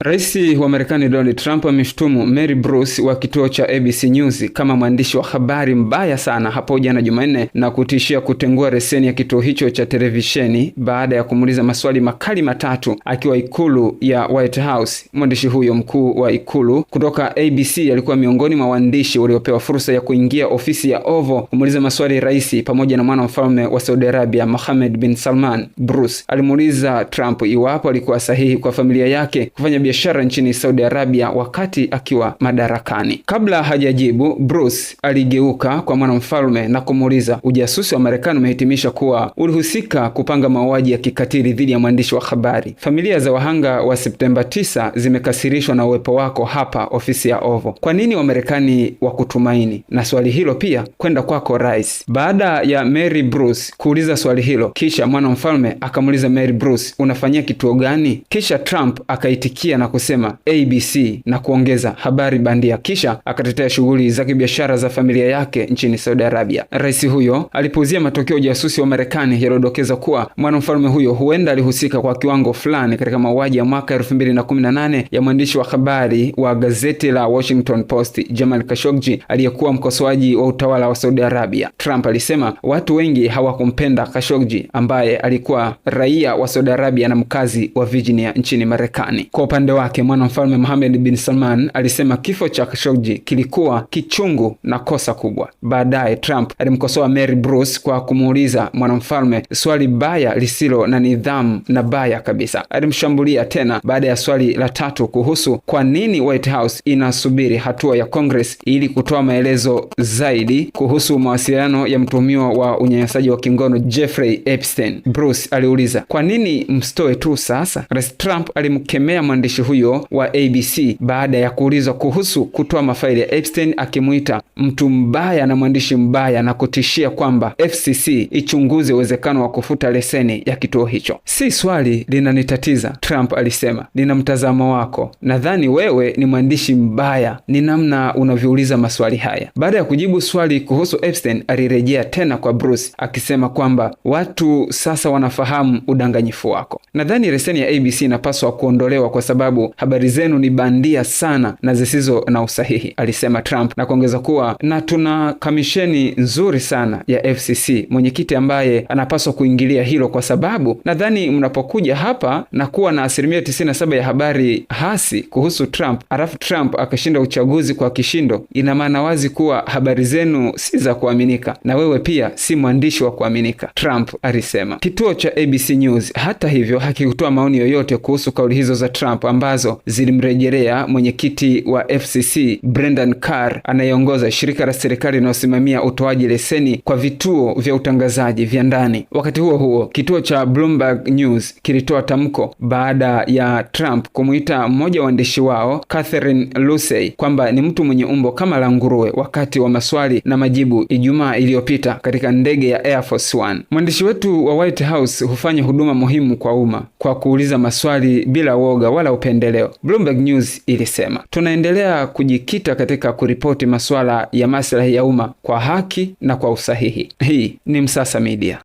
Rais wa Marekani Donald Trump ameshtumu Mary Bruce wa kituo cha ABC News kama mwandishi wa habari mbaya sana hapo jana Jumanne na kutishia kutengua leseni ya kituo hicho cha televisheni baada ya kumuuliza maswali makali matatu akiwa ikulu ya White House. Mwandishi huyo mkuu wa ikulu kutoka ABC alikuwa miongoni mwa waandishi waliopewa fursa ya kuingia ofisi ya Oval kumuuliza maswali rais pamoja na mwana mfalme wa Saudi Arabia Mohammed bin Salman. Bruce alimuuliza Trump iwapo alikuwa sahihi kwa familia yake kufanya biashara nchini Saudi Arabia wakati akiwa madarakani. Kabla hajajibu, Bruce aligeuka kwa mwanamfalme na kumuuliza, ujasusi wa Marekani umehitimisha kuwa ulihusika kupanga mauaji ya kikatili dhidi ya mwandishi wa habari. Familia za wahanga wa Septemba 9 zimekasirishwa na uwepo wako hapa ofisi ya Oval. Kwa nini Wamarekani wa kutumaini? Na swali hilo pia kwenda kwako rais. Baada ya Mary Bruce kuuliza swali hilo, kisha mwanamfalme akamuuliza Mary Bruce, unafanyia kituo gani? Kisha Trump akaitikia kuishia na kusema ABC na kuongeza habari bandia, kisha akatetea shughuli za kibiashara za familia yake nchini Saudi Arabia. Rais huyo alipuuzia matokeo jasusi ujasusi wa Marekani yaliyodokeza kuwa mwanamfalme huyo huenda alihusika kwa kiwango fulani katika mauaji ya mwaka 2018 ya mwandishi wa habari wa gazeti la Washington Post Jamal Khashoggi aliyekuwa mkosoaji wa utawala wa Saudi Arabia. Trump alisema watu wengi hawakumpenda Khashoggi ambaye alikuwa raia wa Saudi Arabia na mkazi wa Virginia nchini Marekani. Kwa upande wake mwanamfalme Mohammed bin Salman alisema kifo cha Khashoggi kilikuwa kichungu na kosa kubwa. Baadaye Trump alimkosoa Mary Bruce kwa kumuuliza mwanamfalme swali baya lisilo na nidhamu na baya kabisa. Alimshambulia tena baada ya swali la tatu kuhusu kwa nini White House inasubiri hatua ya Congress ili kutoa maelezo zaidi kuhusu mawasiliano ya mtuhumiwa wa unyanyasaji wa kingono Jeffrey Epstein. Bruce aliuliza, kwa nini msitoe tu sasa? Rais Trump alimkemea mwandishi mwandishi huyo wa ABC baada ya kuulizwa kuhusu kutoa mafaili ya Epstein, akimwita mtu mbaya na mwandishi mbaya na kutishia kwamba FCC ichunguze uwezekano wa kufuta leseni ya kituo hicho. Si swali linanitatiza, Trump alisema, nina mtazamo wako. Nadhani wewe ni mwandishi mbaya, ni namna unavyouliza maswali haya. Baada ya kujibu swali kuhusu Epstein, alirejea tena kwa Bruce akisema kwamba watu sasa wanafahamu udanganyifu wako. Nadhani leseni ya ABC inapaswa kuondolewa kwa sababu sababu habari zenu ni bandia sana na zisizo na usahihi, alisema Trump na kuongeza kuwa, na tuna kamisheni nzuri sana ya FCC, mwenyekiti ambaye anapaswa kuingilia hilo, kwa sababu nadhani mnapokuja hapa na kuwa na asilimia 97 ya habari hasi kuhusu Trump alafu Trump akashinda uchaguzi kwa kishindo, ina maana wazi kuwa habari zenu si za kuaminika na wewe pia si mwandishi wa kuaminika, Trump alisema. Kituo cha ABC News hata hivyo hakikutoa maoni yoyote kuhusu kauli hizo za Trump ambazo zilimrejelea mwenyekiti wa FCC Brendan Carr anayeongoza shirika la serikali linalosimamia utoaji leseni kwa vituo vya utangazaji vya ndani. Wakati huo huo, kituo cha Bloomberg News kilitoa tamko baada ya Trump kumuita mmoja wa waandishi wao Catherine Lucey kwamba ni mtu mwenye umbo kama la nguruwe wakati wa maswali na majibu Ijumaa iliyopita katika ndege ya Air Force One. Mwandishi wetu wa White House hufanya huduma muhimu kwa umma kwa kuuliza maswali bila woga wala upendeleo. Bloomberg News ilisema, tunaendelea kujikita katika kuripoti masuala ya maslahi ya umma kwa haki na kwa usahihi. Hii ni Msasa Media.